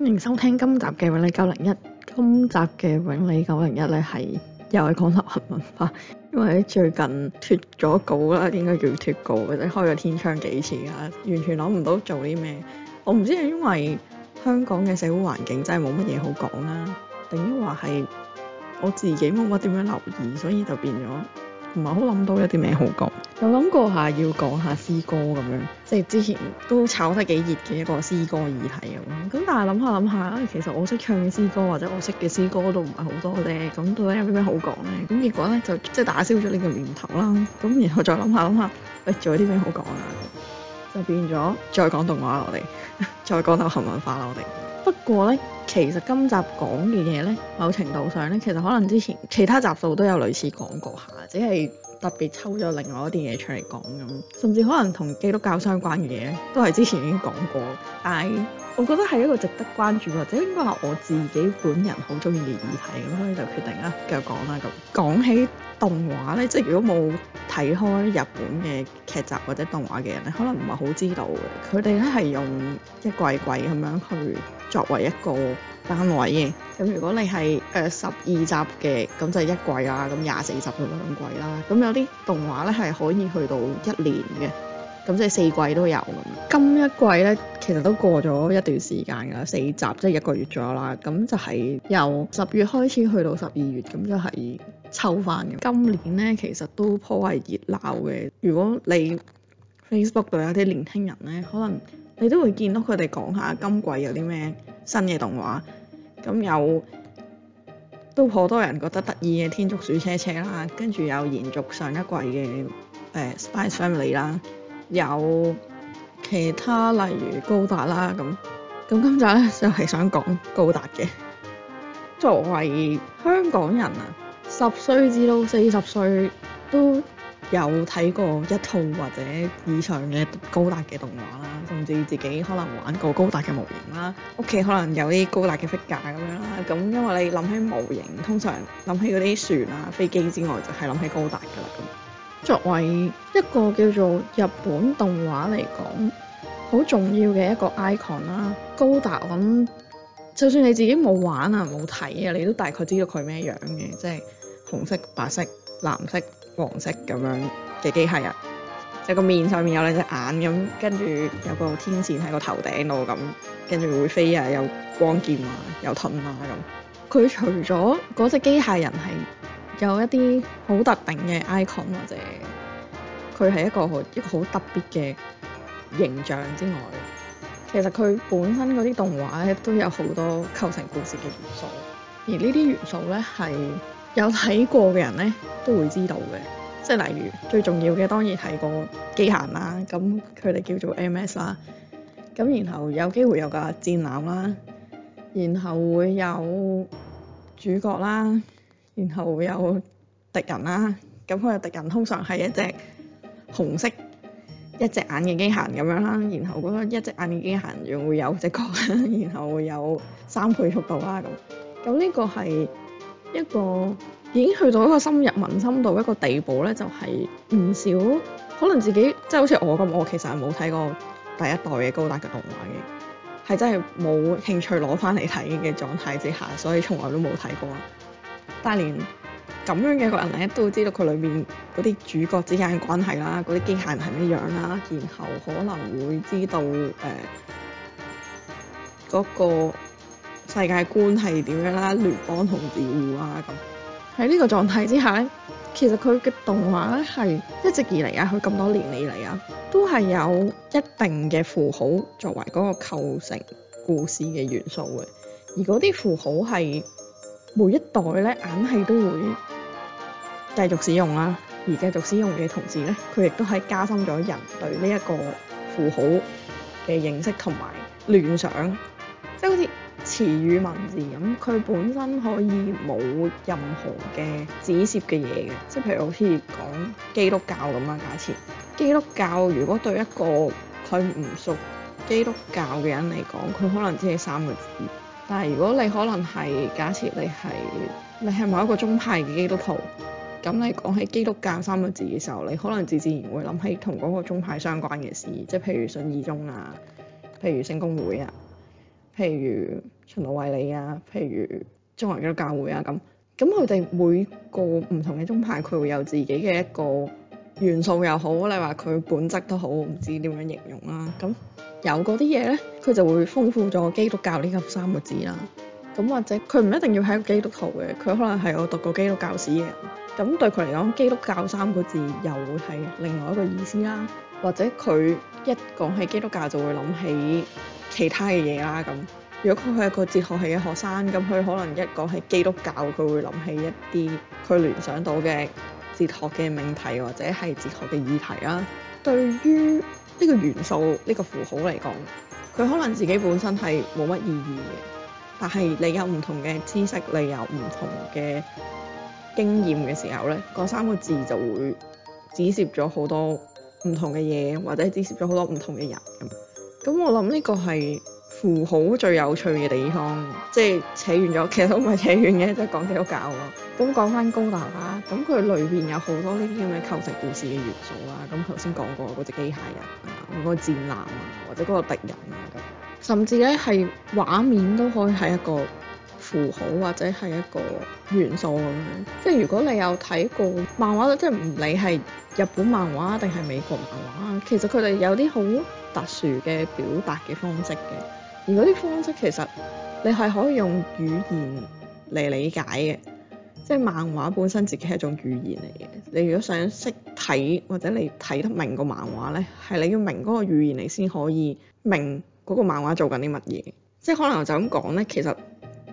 歡迎收聽今集嘅永利九零一，今集嘅永利九零一咧，係又係講流行文、文化，因為最近脱咗稿啦，應該叫脱稿或者開咗天窗幾次啦，完全諗唔到做啲咩，我唔知係因為香港嘅社會環境真係冇乜嘢好講啦，定抑或係我自己冇乜點樣留意，所以就變咗。唔係好諗到一啲咩好講，有諗過下要講下詩歌咁樣，即係之前都炒得幾熱嘅一個詩歌議題咁。咁但係諗下諗下，其實我識唱嘅詩歌或者我識嘅詩歌都唔係好多啫。咁到底有啲咩好講咧？咁結果咧就即係打消咗呢個念頭啦。咁然後再諗下諗下，喂、哎，仲有啲咩好講啊？就變咗再講動畫落嚟，再講流行文化落嚟。不過咧。其實今集講嘅嘢呢，某程度上呢，其實可能之前其他集數都有類似講過下，只係特別抽咗另外一啲嘢出嚟講咁。甚至可能同基督教相關嘅嘢都係之前已經講過，但係我覺得係一個值得關注或者應該係我自己本人好中意嘅議題咁，所以就決定啦，繼續講啦咁。咁講起動畫呢，即係如果冇睇開日本嘅劇集或者動畫嘅人呢，可能唔係好知道嘅。佢哋咧係用一季季咁樣去。作為一個單位嘅，咁如果你係誒十二集嘅，咁就一季啦；咁廿四集到兩季啦。咁有啲動畫呢係可以去到一年嘅，咁即係四季都有咁。今一季呢，其實都過咗一段時間㗎，四集即係、就是、一個月左右啦。咁就係由十月開始去到十二月，咁就係抽翻嘅。今年呢，其實都頗為熱鬧嘅。如果你 Facebook 度有啲年輕人呢，可能～你都會見到佢哋講下今季有啲咩新嘅動畫，咁有都好多人覺得得意嘅天竺鼠車車啦，跟住有延續上一季嘅誒、呃、Spice Family 啦，有其他例如高達啦，咁咁今集呢 就係想講高達嘅， 作為香港人啊，十歲至到四十歲都。有睇過一套或者以上嘅高達嘅動畫啦，甚至自己可能玩過高達嘅模型啦，屋企可能有啲高達嘅 f 架咁樣啦。咁因為你諗起模型，通常諗起嗰啲船啊、飛機之外，就係諗起高達噶啦咁。作為一個叫做日本動畫嚟講，好重要嘅一個 icon 啦，高達咁，就算你自己冇玩啊，冇睇啊，你都大概知道佢咩樣嘅，即係紅色、白色、藍色。黃色咁樣嘅機械人，有個面上面有兩隻眼咁，跟住有個天線喺個頭頂度咁，跟住會飛啊，有光劍啊，有盾啊咁。佢除咗嗰隻機械人係有一啲好特定嘅 icon 或者佢係一個好一個好特別嘅形象之外，其實佢本身嗰啲動畫咧都有好多構成故事嘅元素，而呢啲元素咧係。有睇過嘅人咧都會知道嘅，即係例如最重要嘅當然係個機械啦，咁佢哋叫做 M.S. 啦，咁然後有機會有個戰艦啦，然後會有主角啦，然後會有敵人啦，咁佢嘅敵人通常係一隻紅色一隻眼嘅機械咁樣啦，然後嗰個一隻眼嘅機械又會有隻角，然後會有三倍速度啦咁，咁呢個係。一個已經去到一個深入民心度，一個地步咧，就係唔少可能自己即係好似我咁，我其實係冇睇過第一代嘅高達嘅動畫嘅，係真係冇興趣攞翻嚟睇嘅狀態之下，所以從來都冇睇過啦。但係連咁樣嘅一個人咧，都會知道佢裏面嗰啲主角之間嘅關係啦，嗰啲機械人係乜樣啦，然後可能會知道誒嗰、呃嗰個。世界觀係點樣啦？聯邦同自護啊咁喺呢個狀態之下咧，其實佢嘅動畫咧係一直以嚟啊，佢咁多年以嚟啊，都係有一定嘅符號作為嗰個構成故事嘅元素嘅，而嗰啲符號係每一代咧硬係都會繼續使用啦、啊，而繼續使用嘅同時咧，佢亦都係加深咗人對呢一個符號嘅認識同埋聯想，即係好似。詞語文字咁，佢本身可以冇任何嘅指涉嘅嘢嘅，即係譬如好似講基督教咁啊。假設基督教如果對一個佢唔熟基督教嘅人嚟講，佢可能只係三個字。但係如果你可能係假設你係你係某一個宗派嘅基督徒，咁你講起基督教三個字嘅時候，你可能自自然會諗起同嗰個宗派相關嘅事，即係譬如信義宗啊，譬如聖公會啊。譬如循道衛理啊，譬如中華基督教會啊咁，咁佢哋每個唔同嘅宗派佢會有自己嘅一個元素又好，你話佢本質都好，唔知點樣形容啦，啊。咁有嗰啲嘢咧，佢就會豐富咗基督教呢個三個字啦。咁或者佢唔一定要係一個基督徒嘅，佢可能係有讀過基督教史嘅人。咁對佢嚟講，基督教三個字又會係另外一個意思啦。或者佢一講起基督教就會諗起。其他嘅嘢啦咁，如果佢係一個哲學系嘅學生，咁佢可能一講係基督教，佢會諗起一啲佢聯想到嘅哲學嘅命題或者係哲學嘅議題啦。對於呢個元素，呢個符號嚟講，佢可能自己本身係冇乜意義嘅，但係你有唔同嘅知識，你有唔同嘅經驗嘅時候咧，嗰三個字就會指涉咗好多唔同嘅嘢，或者指涉咗好多唔同嘅人咁。咁我諗呢個係符號最有趣嘅地方，即係扯遠咗，其實都唔係扯遠嘅，即係講幾多教咯。咁、嗯、講返高達啦，咁佢裏面有好多呢啲咁樣構成故事嘅元素啦。咁頭先講過嗰隻機械人啊，嗰、嗰個戰艦啊，或者嗰個敵人啊咁，甚至咧係畫面都可以係一個，符號或者係一個元素咁樣，即係如果你有睇過漫畫，即係唔理係日本漫畫定係美國漫畫，其實佢哋有啲好特殊嘅表達嘅方式嘅。而嗰啲方式其實你係可以用語言嚟理解嘅，即係漫畫本身自己係一種語言嚟嘅。你如果想識睇或者你睇得明個漫畫咧，係你要明嗰個語言嚟先可以明嗰個漫畫做緊啲乜嘢。即係可能我就咁講咧，其實。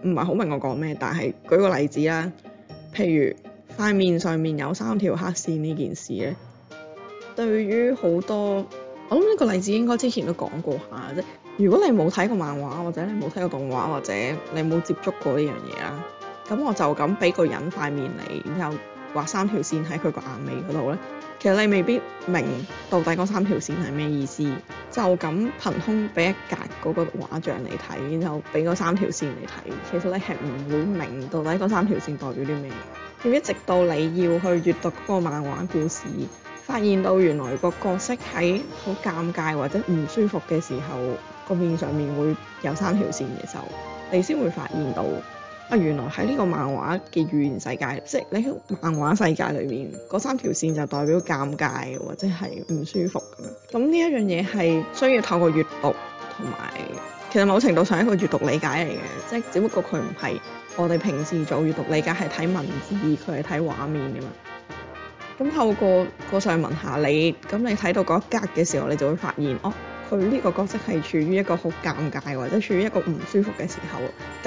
唔係好明我講咩，但係舉個例子啦。譬如塊面上面有三條黑線呢件事咧，對於好多我諗呢個例子應該之前都講過下啫。如果你冇睇過漫畫或者你冇睇過動畫或者你冇接觸過呢樣嘢啦，咁我就咁俾個人塊面你，然後畫三條線喺佢個眼尾嗰度咧。其實你未必明到底嗰三條線係咩意思，就咁憑空俾一格嗰個畫像嚟睇，然後俾嗰三條線嚟睇，其實你係唔會明到底嗰三條線代表啲咩。要一直到你要去閱讀嗰個漫畫故事，發現到原來個角色喺好尷尬或者唔舒服嘅時候，個面上面會有三條線嘅時候，你先會發現到。啊，原來喺呢個漫畫嘅語言世界，即係你喺漫畫世界裏面嗰三條線就代表尷尬或者係唔舒服咁樣。咁呢一樣嘢係需要透過閱讀同埋，其實某程度上係一個閱讀理解嚟嘅，即係只不過佢唔係我哋平時做閱讀理解係睇文字，佢係睇畫面㗎嘛。咁透過個上文下理，咁你睇到嗰一格嘅時候，你就會發現。哦佢呢個角色係處於一個好尷尬或者處於一個唔舒服嘅時候，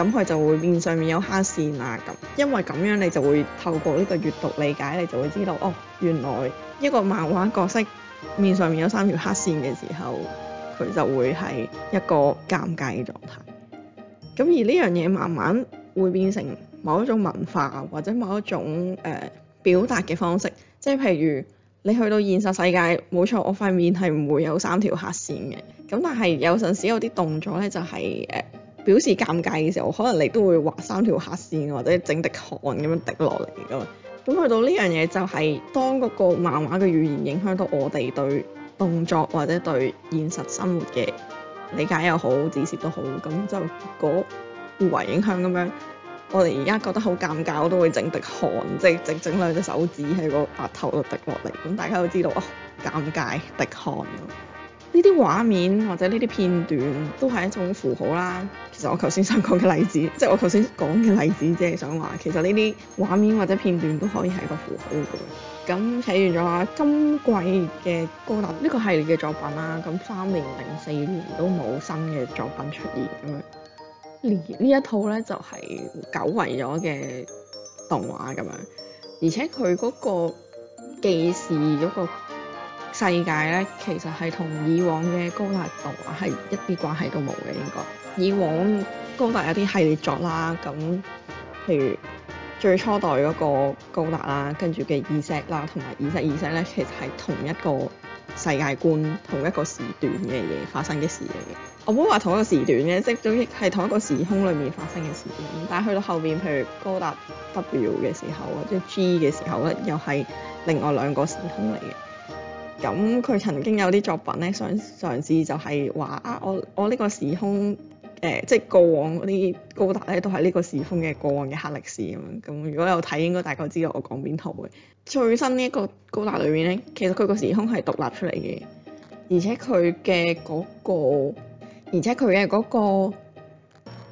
咁佢就會面上面有黑線啊咁。因為咁樣你就會透過呢個閱讀理解，你就會知道哦，原來一個漫畫角色面上面有三條黑線嘅時候，佢就會係一個尷尬嘅狀態。咁而呢樣嘢慢慢會變成某一種文化或者某一種誒、呃、表達嘅方式，即係譬如。你去到現實世界，冇錯，我塊面係唔會有三條黑線嘅。咁但係有陣時候有啲動作咧，就係，呃，表示尷尬嘅時候，可能你都會畫三條黑線，或者整滴汗咁樣滴落嚟咁。咁去到呢樣嘢就係，當嗰個漫畫嘅語言影響到我哋對動作或者對現實生活嘅理解又好，指涉都好，咁就嗰互為影響咁樣。我哋而家覺得好尷尬，我都會整滴汗，即係整整兩隻手指喺個額頭度滴落嚟。咁大家都知道哦，尷尬滴汗。呢啲畫面或者呢啲片段都係一種符號啦。其實我頭先想講嘅例子，即係我頭先講嘅例子，即係想話其實呢啲畫面或者片段都可以係一個符號。咁睇完咗啦，今季嘅高達呢個系列嘅作品啦，咁三年零四年都冇新嘅作品出現咁樣。呢一套咧就係、是、久違咗嘅動畫咁樣，而且佢嗰個記事嗰個世界咧，其實係同以往嘅高達動畫係一啲關係都冇嘅應該。以往高達有啲系列作啦，咁譬如最初代嗰個高達啦，跟住嘅 Z 啦，同埋 ZZ，ZZ 咧，其實係同一個世界觀、同一個時段嘅嘢發生嘅事嚟嘅。我冇話同一個時段嘅，即係總之係同一個時空裏面發生嘅事件。但係去到後邊，譬如《高達 W》嘅時候或者《G》嘅時候咧，又係另外兩個時空嚟嘅。咁佢曾經有啲作品咧，想嘗試就係話啊，我我呢個時空誒、呃，即係過往嗰啲高達咧，都係呢個時空嘅過往嘅黑歷史咁。咁如果有睇，應該大概知道我講邊套嘅。最新呢一個高達裏面咧，其實佢個時空係獨立出嚟嘅，而且佢嘅嗰個。而且佢嘅嗰個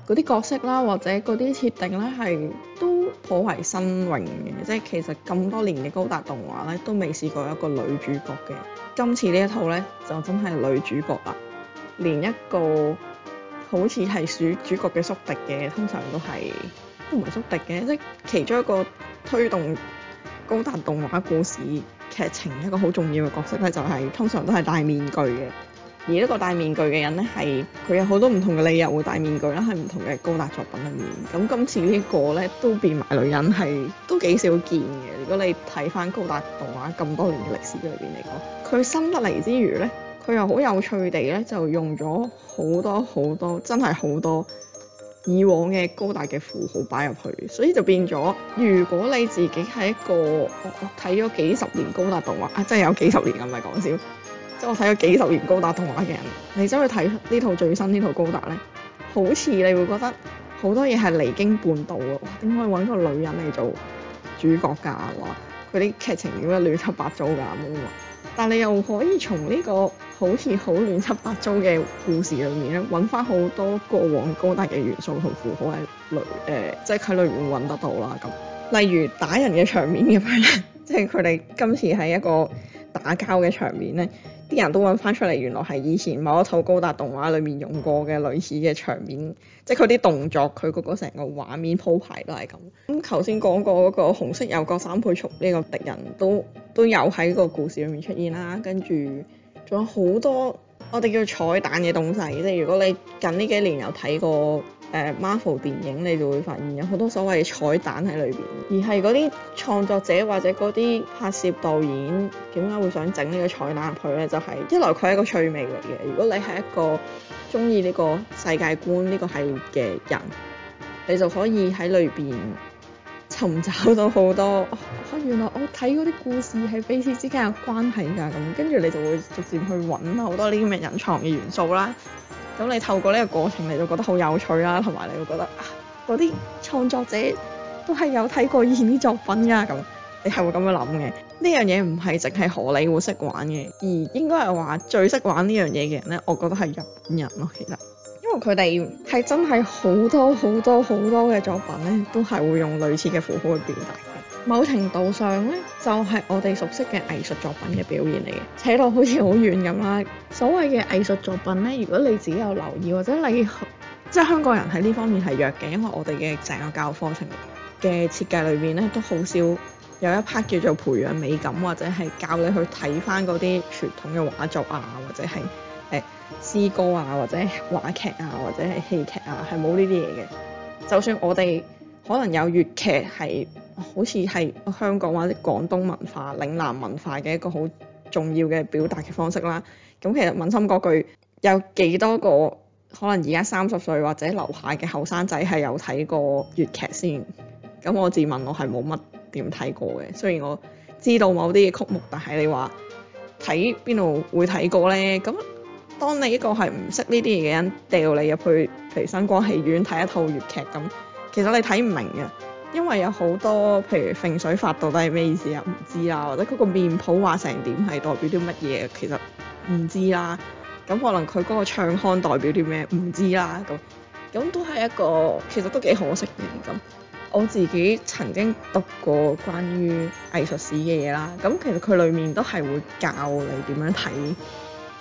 嗰啲角色啦，或者嗰啲設定咧，係都頗為新穎嘅。即係其實咁多年嘅高達動畫咧，都未試過一個女主角嘅。今次呢一套咧，就真係女主角啦。連一個好似係屬主角嘅宿敵嘅，通常都係都唔係宿敵嘅，即係其中一個推動高達動畫故事劇情一個好重要嘅角色咧，就是，就係通常都係戴面具嘅。而一個戴面具嘅人咧，係佢有好多唔同嘅理由會戴面具啦，喺唔同嘅高達作品入面。咁今次呢個咧都變埋女人，係都幾少見嘅。如果你睇翻高達動畫咁多年嘅歷史裏邊嚟講，佢深得嚟之餘咧，佢又好有趣地咧就用咗好多好多，多，真係好多以往嘅高達嘅符號擺入去，所以就變咗。如果你自己係一個睇咗幾十年高達動畫啊，真係有幾十年啊，唔係講笑。即係我睇咗幾十年高達動畫嘅人，你走去睇呢套最新呢套高達咧，好似你會覺得好多嘢係離經叛道啊！哇，點可以揾個女人嚟做主角㗎？哇，佢啲劇情點解亂七八糟㗎？咁啊，但係你又可以從呢、呢個好似好亂七八糟嘅故事裏面咧，揾翻好多過往高達嘅元素同符號喺內誒，即係佢裏面揾得到啦咁。例如打人嘅場面入邊， 即係佢哋今次係一個。打交嘅場面咧，啲人都揾翻出嚟，原來係以前某一套高達動畫裏面用過嘅類似嘅場面，即係佢啲動作，佢嗰個成個畫面鋪排都係咁。咁頭先講過嗰個紅色有角三倍速呢個敵人都都有喺個故事裏面出現啦，跟住仲有好多我哋叫彩蛋嘅東西，即係。如果你近呢幾年有睇過，誒、呃、Marvel 電影你就會發現有好多所謂彩蛋喺裏邊，而係嗰啲創作者或者嗰啲拍攝導演點解會想整呢個彩蛋入去呢？就係、是、一來佢係一個趣味嚟嘅，如果你係一個中意呢個世界觀呢、呢個系列嘅人，你就可以喺裏邊尋找到好多、哦哦，原來我睇嗰啲故事係彼此之間嘅關係㗎，咁跟住你就會逐漸去揾好多呢啲咩隱藏嘅元素啦。咁你透過呢個過程，你就覺得好有趣啦，同埋你會覺得啊，嗰啲創作者都係有睇過以前啲作品㗎，咁，你係會咁樣諗嘅。呢樣嘢唔係淨係荷里活識玩嘅，而應該係話最識玩這的呢樣嘢嘅人，我覺得係日本人咯，其實，因為佢哋係真係好多好多好多嘅作品咧，都係會用類似嘅符號去表達。某程度上咧，就係、是、我哋熟悉嘅藝術作品嘅表現嚟嘅，扯到好似好遠咁啦。所謂嘅藝術作品咧，如果你自己有留意，或者你即係香港人喺呢方面係弱嘅，因為我哋嘅整個教育課程嘅設計裏面咧，都好少有一 part 叫做培養美感，或者係教你去睇翻嗰啲傳統嘅畫作啊，或者係誒詩歌啊，或者係話劇啊，或者係戲劇啊，係冇呢啲嘢嘅。就算我哋可能有粵劇係好似係香港或者廣東文化、嶺南文化嘅一個好重要嘅表達嘅方式啦。咁、嗯、其實問心嗰句有幾多個可能而家三十歲或者樓下嘅後生仔係有睇過粵劇先？咁、嗯、我自問我係冇乜點睇過嘅。雖然我知道某啲嘅曲目，但係你話睇邊度會睇過咧？咁、嗯、當你一個係唔識呢啲嘢嘅人掉你入去譬如新光戲院睇一套粵劇咁。其實你睇唔明嘅，因為有好多譬如揈水法到底係咩意思啊？唔知啊，或者佢個面譜畫成點係代表啲乜嘢？其實唔知啦。咁可能佢嗰個唱腔代表啲咩？唔知啦。咁，咁都係一個其實都幾可惜嘅。咁我自己曾經讀過關於藝術史嘅嘢啦。咁其實佢裡面都係會教你點樣睇，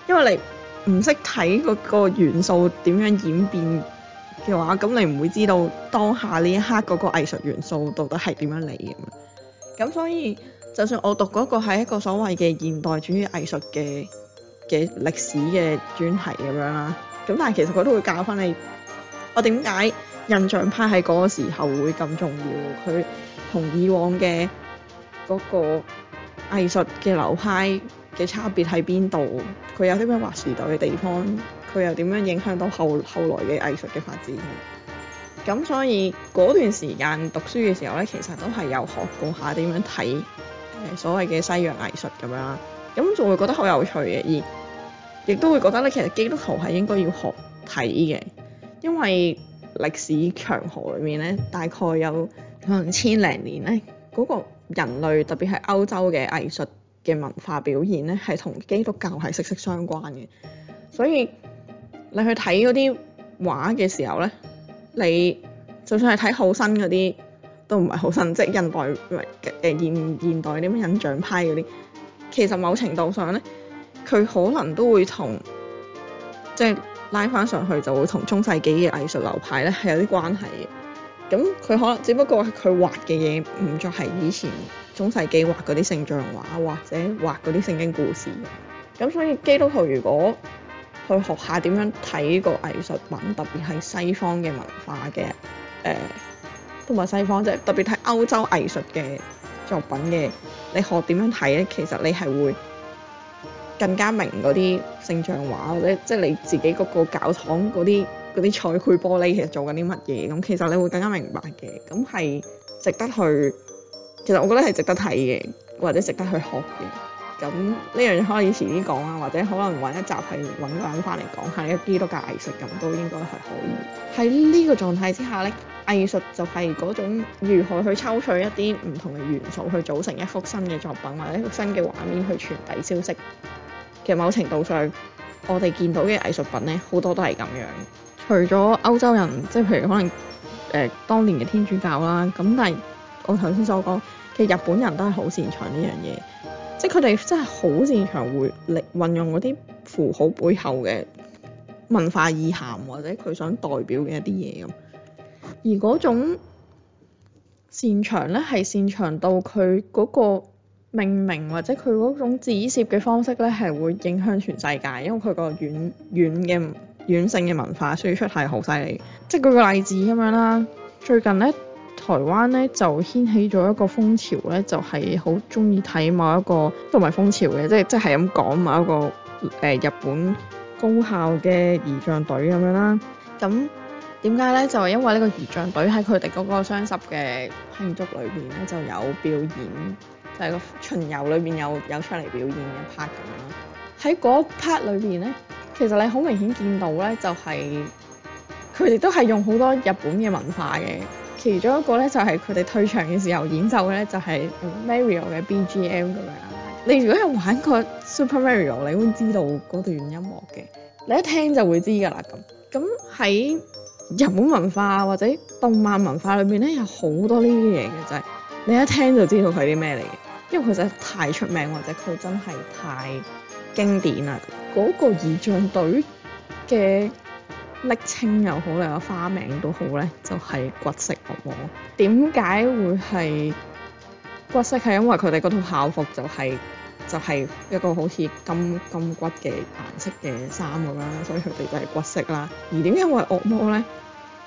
因為你唔識睇嗰個元素點樣演變嘅話，咁你唔會知道當下呢一刻嗰個藝術元素到底係點樣嚟嘅咁樣。咁所以，就算我讀嗰個係一個所謂嘅現代主義藝術嘅嘅歷史嘅專題咁樣啦，咁但係其實佢都會教翻你，我點解印象派喺嗰個時候會咁重要？佢同以往嘅嗰個藝術嘅流派嘅差別喺邊度？佢有啲咩劃時代嘅地方？佢又點樣影響到後後來嘅藝術嘅發展？咁所以嗰段時間讀書嘅時候咧，其實都係有學過下點樣睇誒、呃、所謂嘅西洋藝術咁樣啦，咁就會覺得好有趣嘅，而亦都會覺得咧，其實基督徒係應該要學睇嘅，因為歷史長河裏面咧，大概有可能千零年咧，嗰個人類特別係歐洲嘅藝術嘅文化表現咧，係同基督教係息息相關嘅，所以。你去睇嗰啲畫嘅時候咧，你就算係睇好新嗰啲，都唔係好新，即係現代唔係嘅現現代啲咩印象派嗰啲，其實某程度上咧，佢可能都會同即係拉翻上去就會同中世紀嘅藝術流派咧係有啲關係嘅。咁佢可能只不過係佢畫嘅嘢唔再係以前中世紀畫嗰啲聖像畫或者畫嗰啲聖經故事。咁所以基督徒如果去學下點樣睇個藝術品，特別係西方嘅文化嘅誒，呃、同埋西方即係特別睇歐洲藝術嘅作品嘅，你學點樣睇咧？其實你係會更加明嗰啲聖像畫，或者即係你自己嗰個教堂嗰啲嗰啲彩繪玻璃其實做緊啲乜嘢？咁其實你會更加明白嘅，咁係值得去。其實我覺得係值得睇嘅，或者值得去學嘅。咁呢樣可以遲啲講啊，或者可能揾一集係揾個人翻嚟講下一個基督教藝術咁，都應該係可以。喺呢個狀態之下，呢藝術就係嗰種如何去抽取一啲唔同嘅元素去組成一幅新嘅作品，或者一幅新嘅畫面去傳遞消息。其實某程度上，我哋見到嘅藝術品呢，好多都係咁樣。除咗歐洲人，即係譬如可能誒當年嘅天主教啦，咁但係我頭先所講，其實日本人都係好擅長呢樣嘢。即係佢哋真係好擅長會嚟運用嗰啲符號背後嘅文化意涵，或者佢想代表嘅一啲嘢咁。而嗰種擅長咧係擅長到佢嗰個命名或者佢嗰種指涉嘅方式咧係會影響全世界，因為佢個軟軟嘅軟性嘅文化輸出係好犀利。即係舉個例子咁樣啦，最近咧。台灣咧就掀起咗一個風潮咧，就係好中意睇某一個都唔係風潮嘅，即即係咁講某一個誒、呃、日本高校嘅儀仗隊咁樣啦。咁點解咧？就係因為呢個儀仗隊喺佢哋嗰個雙十嘅慶祝裏邊咧就有表演，就係、是、個巡遊裏邊有有出嚟表演一 part 咁樣啦。喺嗰 part 裏邊咧，其實你好明顯見到咧，就係佢哋都係用好多日本嘅文化嘅。其中一個咧就係佢哋退場嘅時候演奏嘅咧就係 Mario 嘅 BGM 咁樣啦。你如果係玩過 Super Mario，你會知道嗰段音樂嘅，你一聽就會知㗎啦咁。咁喺日本文化或者動漫文化裏面咧，有好多呢啲嘢嘅就係，你一聽就知道佢啲咩嚟嘅，因為佢真係太出名或者佢真係太經典啦。嗰個儀仗隊嘅。瀝青又好，你話花名都好咧，就係、是、骨色惡魔。點解會係骨色？係因為佢哋嗰套校服就係、是、就係、是、一個好似金金骨嘅顏色嘅衫咁啦，所以佢哋就係骨色啦。而點解會惡魔咧？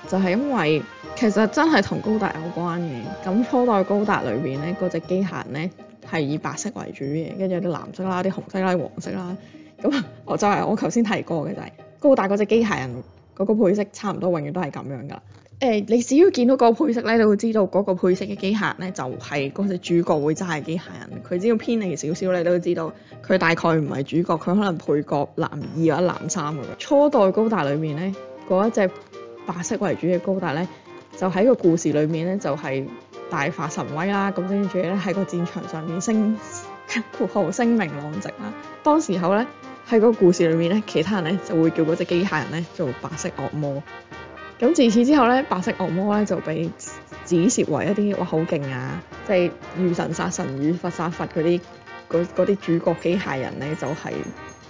就係、是、因為其實真係同高達有關嘅。咁初代高達裏邊咧，嗰隻機械人咧係以白色為主嘅，跟住有啲藍色啦、啲紅色啦、啲黃色啦。咁我就係我頭先提過嘅，就係、是、高達嗰隻機械人。嗰個配色差唔多永遠都係咁樣噶。誒、欸，你只要見到嗰個配色咧，你就會知道嗰個配色嘅機械咧就係嗰隻主角會揸嘅機械人。佢只要偏離少少咧，你都會知道佢大概唔係主角，佢可能配角、男二或者男三咁樣。初代高達裏面咧，嗰一隻白色為主嘅高達咧，就喺個故事裏面咧就係、是、大發神威啦。咁跟住咧喺個戰場上面，聲呼號、聲名狼藉啦。當時候咧。喺嗰個故事裏面咧，其他人咧就會叫嗰隻機械人咧做白色惡魔。咁自此之後咧，白色惡魔咧就被指涉為一啲哇好勁啊，即係遇神殺神，遇佛殺佛嗰啲。啲主角機械人咧就係、是、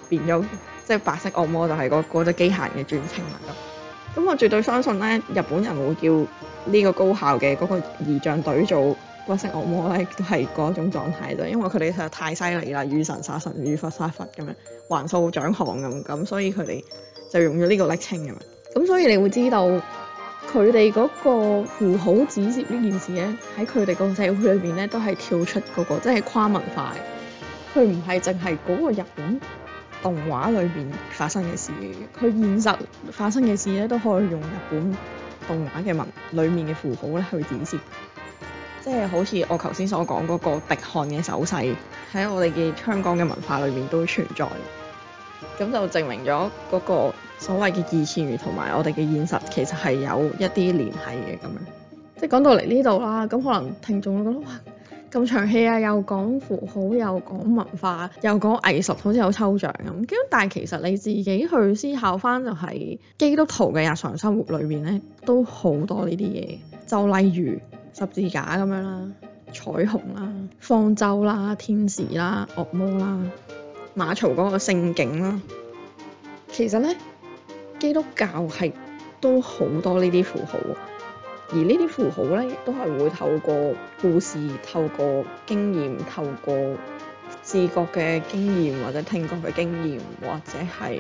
變咗，即、就、係、是、白色惡魔就係嗰嗰隻機械人嘅專稱嚟㗎。咁我絕對相信咧，日本人會叫呢個高校嘅嗰個儀仗隊做白色惡魔咧，都係嗰一種狀態啫。因為佢哋實在太犀利啦，遇神殺神，遇佛殺佛咁樣。橫掃獎項咁，咁所以佢哋就用咗呢個暱稱咁。咁所以你會知道佢哋嗰個符號指涉呢件事咧，喺佢哋個社會裏邊咧都係跳出嗰個，即係跨文化。佢唔係淨係嗰個日本動畫裏面發生嘅事，佢現實發生嘅事咧都可以用日本動畫嘅文裡面嘅符號咧去指涉。即係好似我頭先所講嗰個滴汗嘅手勢，喺我哋嘅香港嘅文化裏面都存在。咁就證明咗嗰個所謂嘅二次元同埋我哋嘅現實其實係有一啲聯繫嘅咁樣。即係講到嚟呢度啦，咁可能聽眾會覺得哇，咁長戲啊，長氣，又講符號，又講文化，又講藝術，好似好抽象咁。咁但係其實你自己去思考返就係基督徒嘅日常生活裏面咧，都好多呢啲嘢。就例如，十字架咁樣啦，彩虹啦，方舟啦，天使啦，惡魔啦，馬槽嗰個聖景啦。其實咧，基督教係都好多呢啲符號，而呢啲符號咧都係會透過故事、透過經驗、透過視覺嘅經驗或者聽覺嘅經驗或者係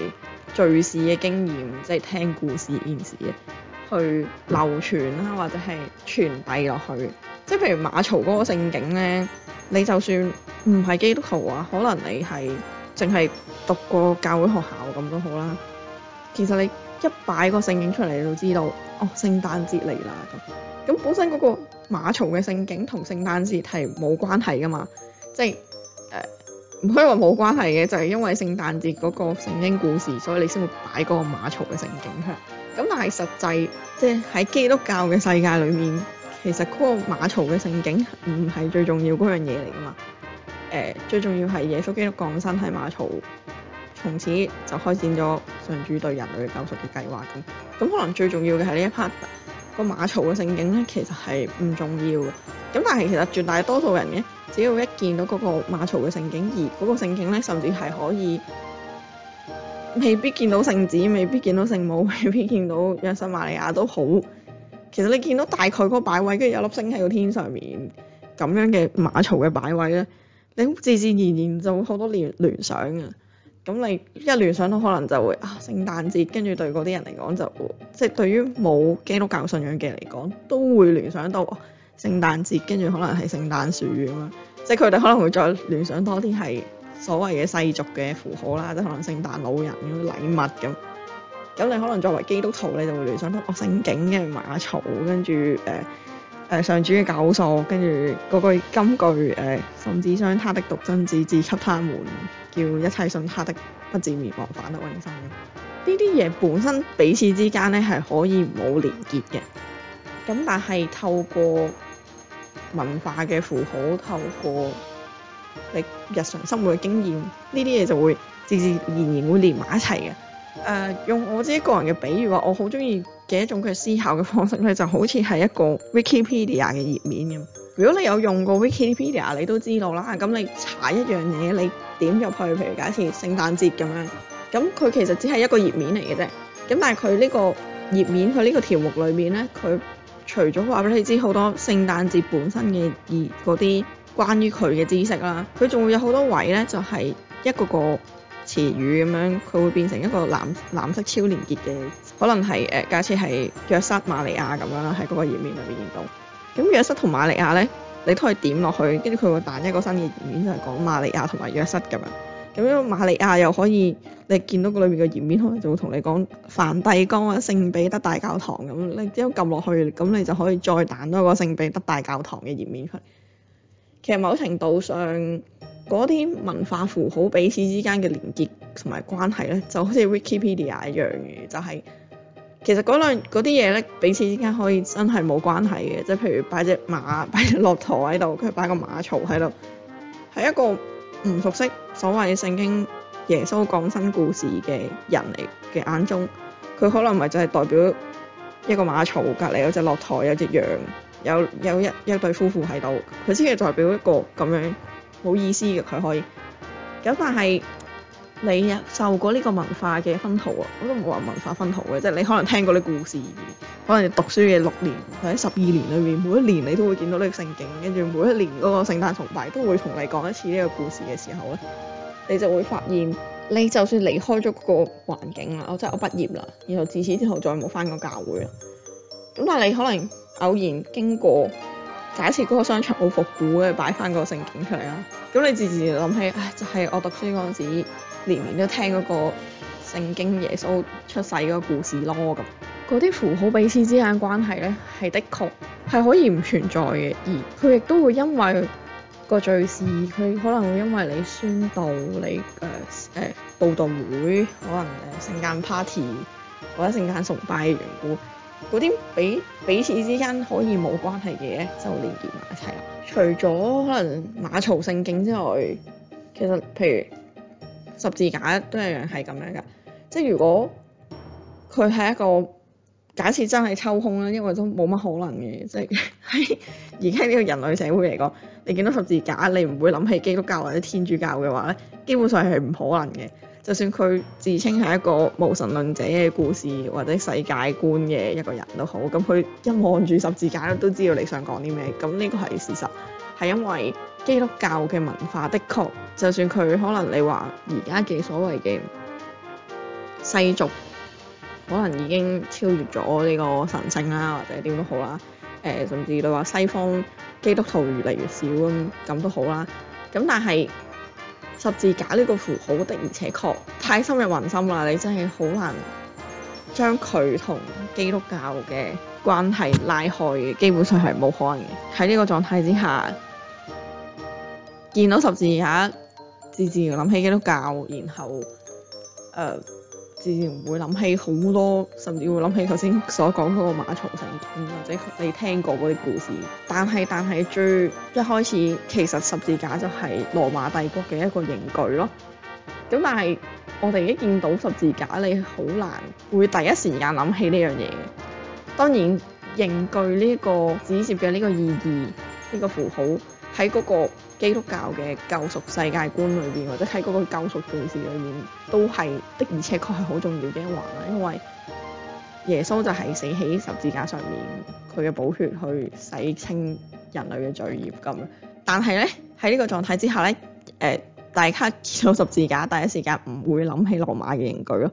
敘事嘅經驗，即係聽故事呢件事嘅。去流傳啦，或者係傳遞落去。即係譬如馬槽嗰個聖景呢，你就算唔係基督徒啊，可能你係淨係讀過教會學校咁都好啦。其實你一擺個聖景出嚟，你就知道哦，聖誕節嚟啦咁。咁本身嗰個馬槽嘅聖景同聖誕節係冇關係噶嘛。即係誒唔可以話冇關係嘅，就係因為聖誕節嗰個聖經故事，所以你先會擺嗰個馬槽嘅聖景出嚟。咁但係實際，即係喺基督教嘅世界裏面，其實嗰個馬槽嘅聖景唔係最重要嗰樣嘢嚟㗎嘛。誒、呃，最重要係耶穌基督降生喺馬槽，從此就開展咗上主對人類救贖嘅計劃咁。咁可能最重要嘅係呢一 part，個馬槽嘅聖景咧，其實係唔重要嘅。咁但係其實絕大多數人咧，只要一見到嗰個馬槽嘅聖景而嗰個聖景咧，甚至係可以。未必見到聖子，未必見到聖母，未必見到約瑟瑪利亞都好。其實你見到大概嗰個擺位，跟住有粒星喺個天上面，咁樣嘅馬槽嘅擺位咧，你自自然然就會好多聯聯想嘅。咁你一聯想到可能就會啊，聖誕節，跟住對嗰啲人嚟講就即係對於冇基督教信仰嘅人嚟講，都會聯想到、啊、聖誕節，跟住可能係聖誕樹咁樣，即係佢哋可能會再聯想多啲係。所謂嘅世俗嘅符號啦，即可能聖誕老人嗰啲禮物咁，咁你可能作為基督徒你就會聯想到哦，聖經嘅馬槽，跟住誒、誒上主嘅救贖，跟住嗰句金句誒、呃，甚至將他的獨生子賜給他們，叫一切信他的不至滅亡，反得永生。呢啲嘢本身彼此之間咧係可以冇連結嘅，咁但係透過文化嘅符號，透過你日常生活嘅經驗，呢啲嘢就會自自然然會連埋一齊嘅。誒、呃，用我自己個人嘅比喻話，我好中意嘅一種佢思考嘅方式咧，就好似係一個 Wikipedia 嘅頁面咁。如果你有用過 Wikipedia，你都知道啦。咁你查一樣嘢，你點入去，譬如假設聖誕節咁樣，咁佢其實只係一個頁面嚟嘅啫。咁但係佢呢個頁面，佢呢個條目裏面咧，佢除咗話俾你知好多聖誕節本身嘅意義嗰啲。關於佢嘅知識啦，佢仲會有好多位咧，就係一個個詞語咁樣，佢會變成一個藍藍色超連結嘅，可能係誒，假設係約瑟、瑪利亞咁樣啦，喺嗰個頁面裏面見到。咁、嗯、約瑟同瑪利亞咧，你都可以點落去，跟住佢會彈一個新嘅頁面就瑞瑞瑞，就係講瑪利亞同埋約瑟咁樣。咁樣瑪利亞又可以，你見到個裏面嘅頁面，可能就會同你講梵蒂岡啊、聖彼得大教堂咁，你之後撳落去，咁你就可以再彈多一個聖彼得大教堂嘅頁面出嚟。其實某程度上，嗰啲文化符號彼此之間嘅連結同埋關係咧，就好似 Wikipedia 一樣嘅，就係、是、其實嗰兩啲嘢咧，彼此之間可以真係冇關係嘅。即係譬如擺隻馬，擺隻駱駝喺度，佢擺個馬槽喺度，喺一個唔熟悉所謂聖經耶穌講新故事嘅人嚟嘅眼中，佢可能咪就係代表一個馬槽，隔離有隻駱駝，有隻羊。有有一一對夫婦喺度，佢先係代表一個咁樣冇意思嘅佢可以。咁但係你受過呢個文化嘅薰陶啊，我都唔話文化薰陶嘅，即係你可能聽過啲故事，可能你讀書嘅六年或者十二年裏面，每一年你都會見到呢個聖景，跟住每一年嗰個聖誕崇拜都會同你講一次呢個故事嘅時候咧，你就會發現你就算離開咗嗰個環境啦，即係我真畢業啦，然後自此之後再冇翻過教會啦。咁但係你可能。偶然經過，第一次嗰個商場好復古嘅，擺翻個聖經出嚟啦。咁你自自然諗起，唉，就係、是、我讀書嗰陣時，年年都聽嗰個聖經耶穌出世嗰個故事咯咁。嗰啲符號彼此之間關係咧，係的確係可以唔存在嘅，而佢亦都會因為個敘事，佢可能會因為你宣你、呃呃、道、你誒誒佈道會，可能誒、呃、聖誕 party 或者聖誕崇拜嘅緣故。嗰啲彼彼此之間可以冇關係嘅，就連結埋一齊啦。除咗可能馬槽聖經之外，其實譬如十字架都一樣係咁樣嘅。即係如果佢係一個假設真係抽空咧，因為都冇乜可能嘅。即係喺而家呢個人類社會嚟講，你見到十字架，你唔會諗起基督教或者天主教嘅話咧，基本上係唔可能嘅。就算佢自稱係一個無神論者嘅故事或者世界觀嘅一個人都好，咁佢一望住十字架都知道你想講啲咩。咁呢個係事實，係因為基督教嘅文化的確，就算佢可能你話而家嘅所謂嘅世俗可能已經超越咗呢個神聖啦，或者點都好啦，誒、呃，甚至你話西方基督徒越嚟越少咁，咁都好啦。咁但係，十字架呢個符號的而且確太深入民心啦，你真係好難將佢同基督教嘅關係拉開，基本上係冇可能嘅。喺呢個狀態之下，見到十字架，自自然然諗起基督教，然後誒、呃自然唔會諗起好多，甚至會諗起頭先所講嗰個馬槽聖經，或者你聽過嗰啲故事。但係但係最一開始，其實十字架就係羅馬帝國嘅一個刑具咯。咁但係我哋一見到十字架，你好難會第一時間諗起呢樣嘢。當然刑具呢個指涉嘅呢個意義，呢個符號喺嗰個。基督教嘅救贖世界觀裏邊，或者喺嗰個救贖故事裏面，都係的。而且確係好重要嘅一環，因為耶穌就係死喺十字架上面，佢嘅寶血去洗清人類嘅罪孽咁。但係呢，喺呢個狀態之下呢，誒、呃，大家見到十字架，第一時間唔會諗起羅馬嘅刑具咯，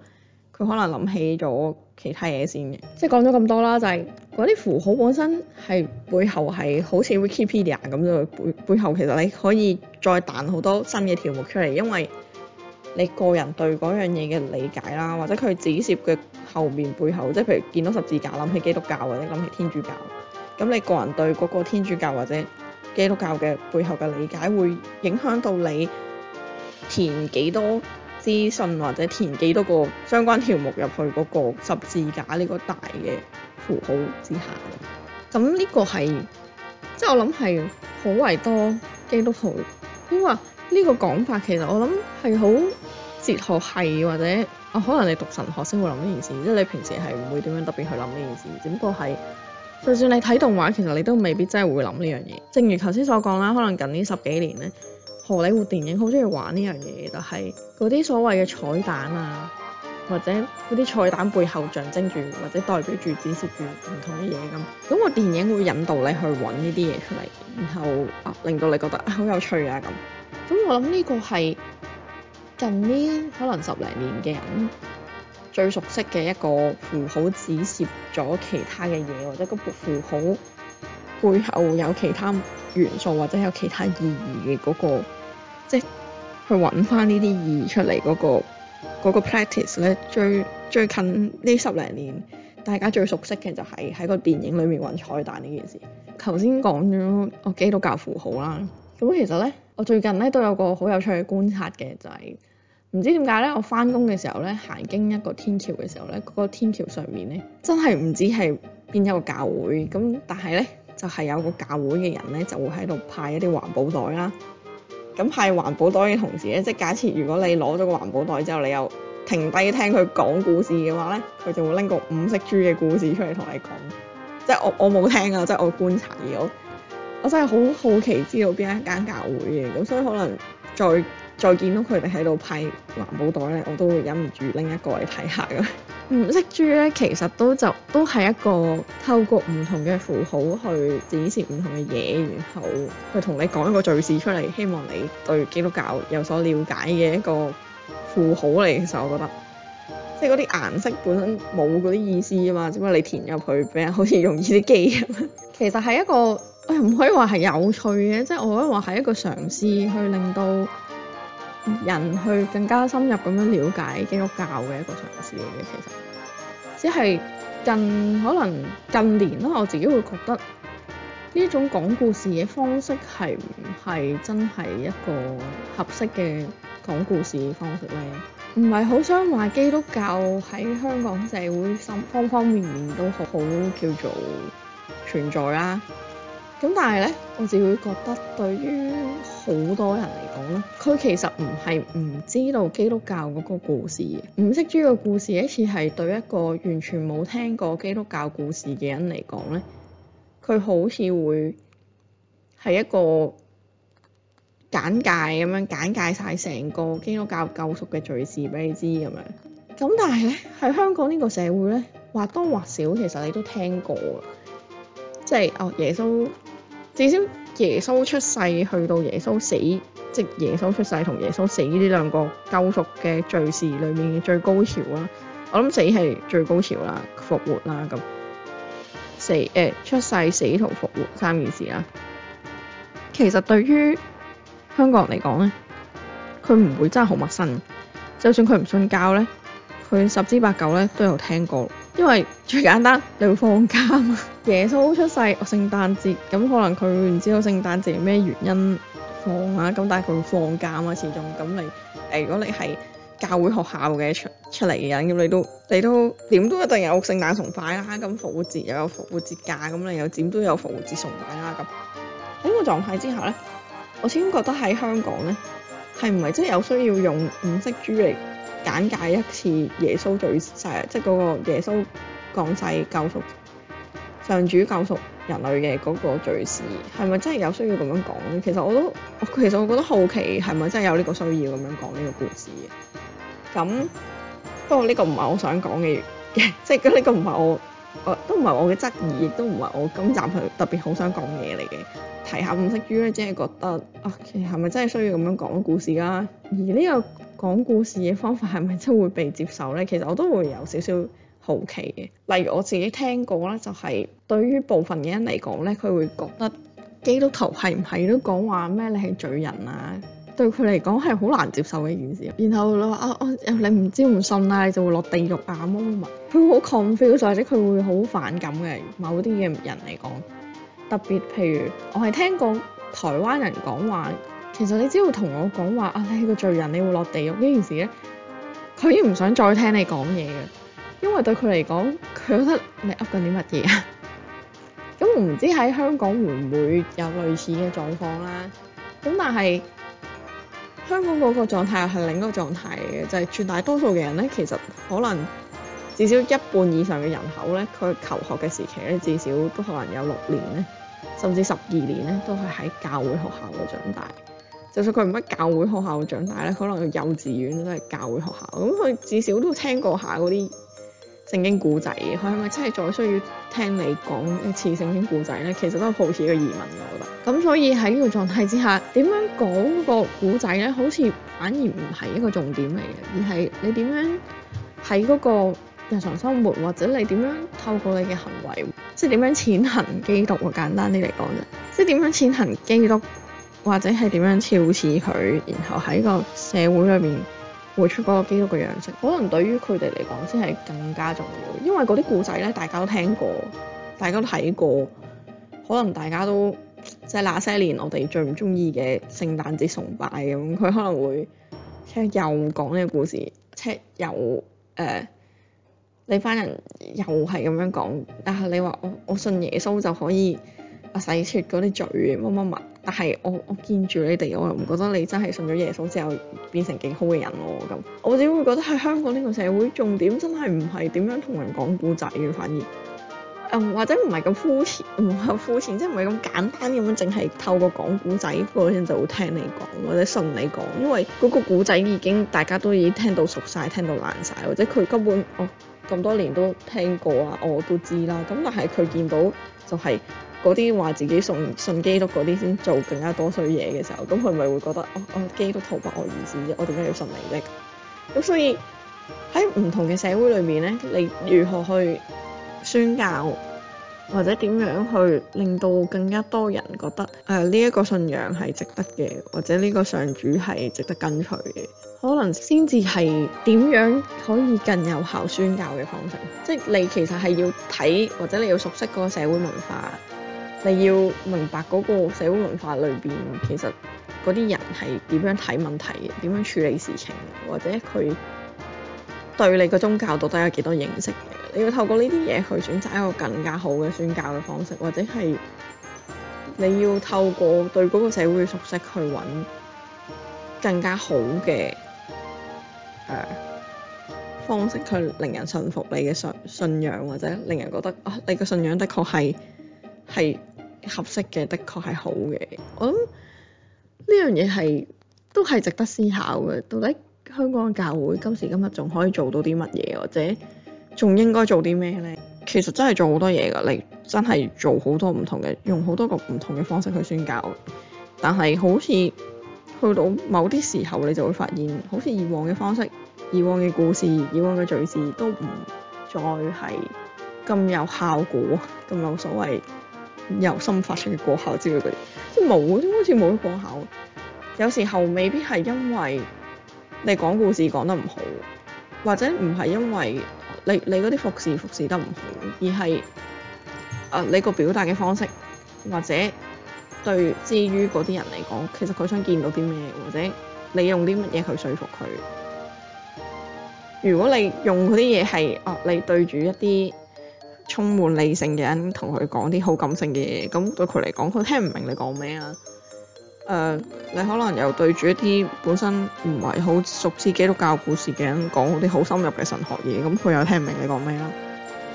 佢可能諗起咗。其他嘢先嘅，即係講咗咁多啦，就係嗰啲符號本身係背後係好似 Wikipedia 咁樣背背後，其實你可以再彈好多新嘅條目出嚟，因為你個人對嗰樣嘢嘅理解啦，或者佢指涉嘅後面背後，即係譬如見到十字架諗起基督教或者諗起天主教，咁你個人對嗰個天主教或者基督教嘅背後嘅理解會影響到你填幾多資訊或者填幾多個相關條目入去嗰個十字架呢個大嘅符號之下。咁呢個係，即係我諗係好為多基督徒，因為呢個講法其實我諗係好哲學係，或者我、啊、可能你讀神學先會諗呢件事，即係你平時係唔會點樣特別去諗呢件事。只不過係，就算你睇動畫，其實你都未必真係會諗呢樣嘢。正如頭先所講啦，可能近呢十幾年咧。荷里活電影好中意玩呢樣嘢，就係嗰啲所謂嘅彩蛋啊，或者嗰啲彩蛋背後象徵住或者代表住展示住唔同嘅嘢咁。咁個電影會引導你去揾呢啲嘢出嚟，然後啊令到你覺得好有趣啊咁。咁我諗呢個係近呢可能十零年嘅人最熟悉嘅一個符號，指涉咗其他嘅嘢，或者個符號背後有其他元素或者有其他意義嘅嗰個。即係去揾翻呢啲意義出嚟嗰個嗰個 practice 咧，最最近呢十零年大家最熟悉嘅就係喺個電影裏面揾彩蛋呢件事。頭先講咗我基督教符號啦，咁其實咧我最近咧都有個好有趣嘅觀察嘅，就係唔知點解咧，我翻工嘅時候咧行經一個天橋嘅時候咧，嗰個天橋上面咧真係唔知係邊一個教會，咁但係咧就係有個教會嘅人咧就會喺度派一啲環保袋啦。咁係環保袋嘅同時咧，即係假設如果你攞咗個環保袋之後，你又停低聽佢講故事嘅話咧，佢就會拎個五色珠嘅故事出嚟同你講。即係我我冇聽啊，即係我觀察而我真係好好奇知道邊一間教會嘅，咁所以可能再。再見到佢哋喺度派環保袋咧，我都會忍唔住拎一個嚟睇下嘅。唔識豬咧，其實都就都係一個透過唔同嘅符號去展示唔同嘅嘢，然後去同你講一個敘事出嚟，希望你對基督教有所了解嘅一個符號嚟。其實我覺得，即係嗰啲顏色本身冇嗰啲意思啊嘛，只不過你填入去俾人好似容易啲記憶咁。其實係一個我唔可以話係有趣嘅，即係我覺得話係一個嘗試去令到。人去更加深入咁樣了解基督教嘅一個嘗試嘅。其實只係近可能近年啦，我自己會覺得呢種講故事嘅方式係唔係真係一個合適嘅講故事方式咧？唔係好想話基督教喺香港社會方方面面都好好叫做存在啦、啊。咁但係咧，我自己覺得對於好多人嚟講咧，佢其實唔係唔知道基督教嗰個故事，唔識知個故事，好似係對一個完全冇聽過基督教故事嘅人嚟講咧，佢好似會係一個簡介咁樣，簡介晒成個基督教救贖嘅敘事俾你知咁樣。咁但係咧，喺香港呢個社會咧，或多或少其實你都聽過㗎，即係哦耶穌。至少耶穌出世去到耶穌死，即耶穌出世同耶穌死呢兩個救贖嘅敘事裏面嘅最高潮啦。我諗死係最高潮啦，復活啦咁，死誒、呃、出世死同復活三件事啦。其實對於香港人嚟講呢，佢唔會真係好陌生。就算佢唔信教呢，佢十之八九呢，都有聽過，因為最簡單，你會放假嘛。 耶穌出世聖誕節，咁可能佢唔知道聖誕節咩原因放啊，咁但係佢會放假嘛，始終咁你、呃、如果你係教會學校嘅出出嚟嘅人，咁你都你都點都一定有聖誕崇拜啦，咁復活節又有復活節假，咁你又點都有復活節崇拜啦，咁喺呢個狀態之下咧，我先覺得喺香港咧係唔係真係有需要用五色珠嚟簡介一次耶穌最世，即係嗰個耶穌降世救贖。上帝救贖人類嘅嗰個敘事，係咪真係有需要咁樣講咧？其實我都，其實我覺得好奇，係咪真係有呢個需要咁樣講呢個故事嘅？咁不過呢個唔係我想講嘅嘅， 即係呢個唔係我，啊、都我都唔係我嘅質疑，亦都唔係我今集係特別好想講嘢嚟嘅。提下五色珠咧，只係覺得啊，係咪真係需要咁樣講故事啦？而呢個講故事嘅方法係咪真係會被接受呢？其實我都會有少少好奇嘅。例如我自己聽過啦，就係、是。對於部分嘅人嚟講咧，佢會覺得基督徒係唔係都講話咩你係罪人啊？對佢嚟講係好難接受嘅一件事。然後你話啊啊，你唔知唔、嗯、信啦，你就會落地獄啊乜乜乜，佢會好 confuse，或者佢會好反感嘅。某啲嘅人嚟講，特別譬如我係聽過台灣人講話，其實你只要同我講話啊，你係個罪人，你會落地獄呢件事咧，佢已經唔想再聽你講嘢嘅，因為對佢嚟講，佢覺得你噏緊啲乜嘢啊？咁唔知喺香港會唔會有類似嘅狀況啦。咁但係香港嗰個狀態又係另一個狀態嘅，就係、是、絕大多數嘅人咧，其實可能至少一半以上嘅人口咧，佢求學嘅時期咧，至少都可能有六年咧，甚至十二年咧，都係喺教會學校度長大。就算佢唔喺教會學校度長大咧，可能佢幼稚園都係教會學校，咁佢至少都聽過下嗰啲。聖經故仔，佢係咪真係再需要聽你講一次聖經故仔呢？其實都係抱持一個疑問嘅，我覺得。咁所以喺呢個狀態之下，點樣講個故仔呢？好似反而唔係一個重點嚟嘅，而係你點樣喺嗰個日常生活，或者你點樣透過你嘅行為，即係點樣踐行基督，簡單啲嚟講啫，即係點樣踐行基督，或者係點樣超似佢，然後喺個社會裏面，活出嗰個基督嘅樣式，可能對於佢哋嚟講先係更加重要，因為嗰啲故仔咧大家都聽過，大家都睇過，可能大家都即係、就是、那些年我哋最唔中意嘅聖誕節崇拜咁，佢可能會即 h e c 又講呢個故事，即 h 又誒、呃、你班人又係咁樣講，但、啊、係你話我我信耶穌就可以。啊！洗脫嗰啲罪乜乜乜，但係我我見住你哋，我又唔覺得你真係信咗耶穌之後變成幾好嘅人咯，咁，我只會覺得喺香港呢個社會，重點真係唔係點樣同人講古仔嘅，反而誒、嗯、或者唔係咁膚淺，唔係咁膚淺，即係唔係咁簡單咁樣，淨係透過講古仔嗰個就會聽你講或者信你講，因為嗰個古仔已經大家都已經聽到熟晒、聽到爛晒，或者佢根本哦咁多年都聽過啊，我都知啦。咁但係佢見到就係、是。嗰啲話自己信信基督嗰啲先做更加多衰嘢嘅時候，咁佢咪會覺得哦哦，基督徒不外如是啫，我點解要信你啫？咁所以喺唔同嘅社會裏面咧，你如何去宣教，或者點樣去令到更加多人覺得誒呢一個信仰係值得嘅，或者呢個上主係值得跟隨嘅，可能先至係點樣可以更有效宣教嘅方式。即係你其實係要睇，或者你要熟悉嗰個社會文化。你要明白嗰個社會文化裏邊，其實嗰啲人係點樣睇問題，點樣處理事情，或者佢對你個宗教到底有幾多認識。你要透過呢啲嘢去選擇一個更加好嘅宣教嘅方式，或者係你要透過對嗰個社會熟悉去揾更加好嘅誒、呃、方式去令人信服你嘅信信仰，或者令人覺得啊，你個信仰的確係。係合適嘅，的確係好嘅。我諗呢樣嘢係都係值得思考嘅。到底香港教會今時今日仲可以做到啲乜嘢，或者仲應該做啲咩咧？其實真係做好多嘢㗎，你真係做好多唔同嘅，用好多個唔同嘅方式去宣教。但係好似去到某啲時候，你就會發現，好似以往嘅方式、以往嘅故事、以往嘅敘事都唔再係咁有效果、咁有所謂。由心發出嘅過口之類嗰啲，即係冇，都好似冇得過口。有時候未必係因為你講故事講得唔好，或者唔係因為你你嗰啲服侍服侍得唔好，而係誒、呃、你個表達嘅方式，或者對之於嗰啲人嚟講，其實佢想見到啲咩，或者你用啲乜嘢去説服佢。如果你用嗰啲嘢係，哦、呃，你對住一啲。充滿理性嘅人同佢講啲好感性嘅嘢，咁對佢嚟講，佢聽唔明你講咩啊？誒、呃，你可能又對住一啲本身唔係好熟知基督教故事嘅人講啲好深入嘅神學嘢，咁佢又聽唔明你講咩啦？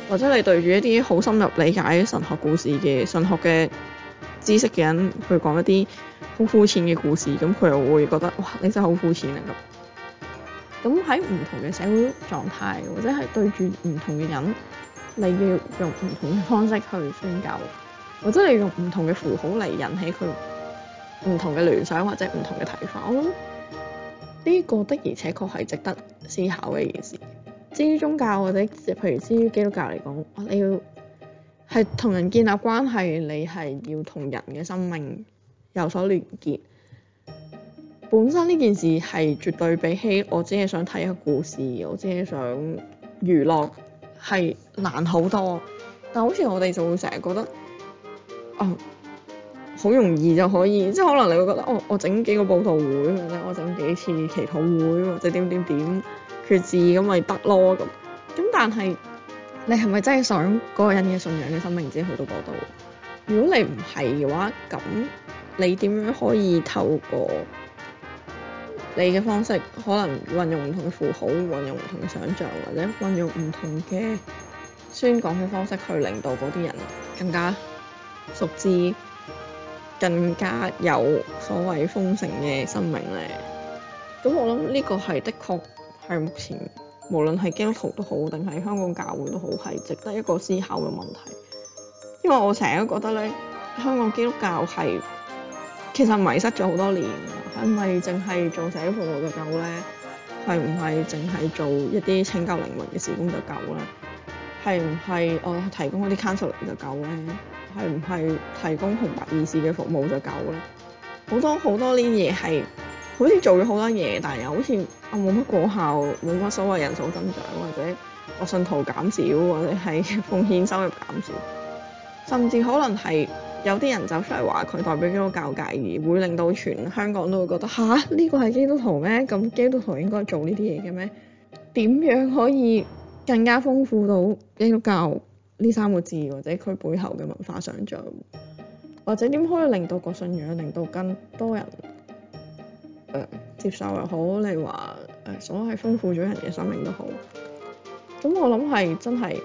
或者你對住一啲好深入理解神學故事嘅、神學嘅知識嘅人，佢講一啲好膚淺嘅故事，咁佢又會覺得哇，你真係好膚淺啊咁。咁喺唔同嘅社會狀態，或者係對住唔同嘅人。你要用唔同嘅方式去宣教，或者你用唔同嘅符號嚟引起佢唔同嘅聯想或者唔同嘅睇法。我覺得呢個的而且確係值得思考嘅一件事。至於宗教或者譬如至於基督教嚟講，你要係同人建立關係，你係要同人嘅生命有所聯結。本身呢件事係絕對比起我只係想睇下故事，我只係想娛樂，係難好多，但好似我哋就會成日覺得啊，哦，好容易就可以，即係可能你會覺得哦，我整幾個布道會或者我整幾次祈禱會或者點點點決志咁咪得咯咁。咁但係你係咪真係想嗰個人嘅信仰嘅生命先去到嗰度？如果你唔係嘅話，咁你點樣可以透過你嘅方式，可能運用唔同嘅符號，運用唔同嘅想像，或者運用唔同嘅宣講嘅方式去領導嗰啲人，更加熟知，更加有所謂豐盛嘅生命咧。咁我諗呢個係的確係目前無論係基督徒都好，定係香港教會都好，係值得一個思考嘅問題。因為我成日都覺得咧，香港基督教係其實迷失咗好多年啊，係咪淨係做社會服務就夠咧？係唔係淨係做一啲拯救靈魂嘅事工就夠咧？是係唔係我提供嗰啲 counsel 就夠咧？係唔係提供紅白儀式嘅服務就夠咧？好多好多呢啲嘢係，好似做咗好多嘢，但係又好似啊冇乜功效，冇乜所謂人數增長或者我信徒減少，或者係奉獻收入減少，甚至可能係有啲人走出嚟話佢代表基督教界，而會令到全香港都會覺得吓，呢個係基督徒咩？咁基督徒應該做呢啲嘢嘅咩？點樣可以？更加豐富到基督教呢三個字，或者佢背後嘅文化想像，或者點可以令到個信仰令到更多人誒、呃、接受又好，你話誒、呃、所謂係豐富咗人嘅生命都好。咁我諗係真係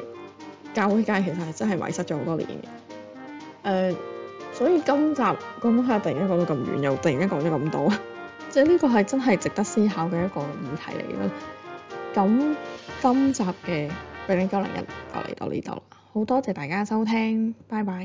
教會界其實係真係迷失咗好多年嘅誒、呃，所以今集咁突然間講到咁遠，又突然間講咗咁多，即係呢個係真係值得思考嘅一個議題嚟嘅。咁今集嘅《八零九零》一就嚟到呢度啦，好多謝大家收聽，拜拜。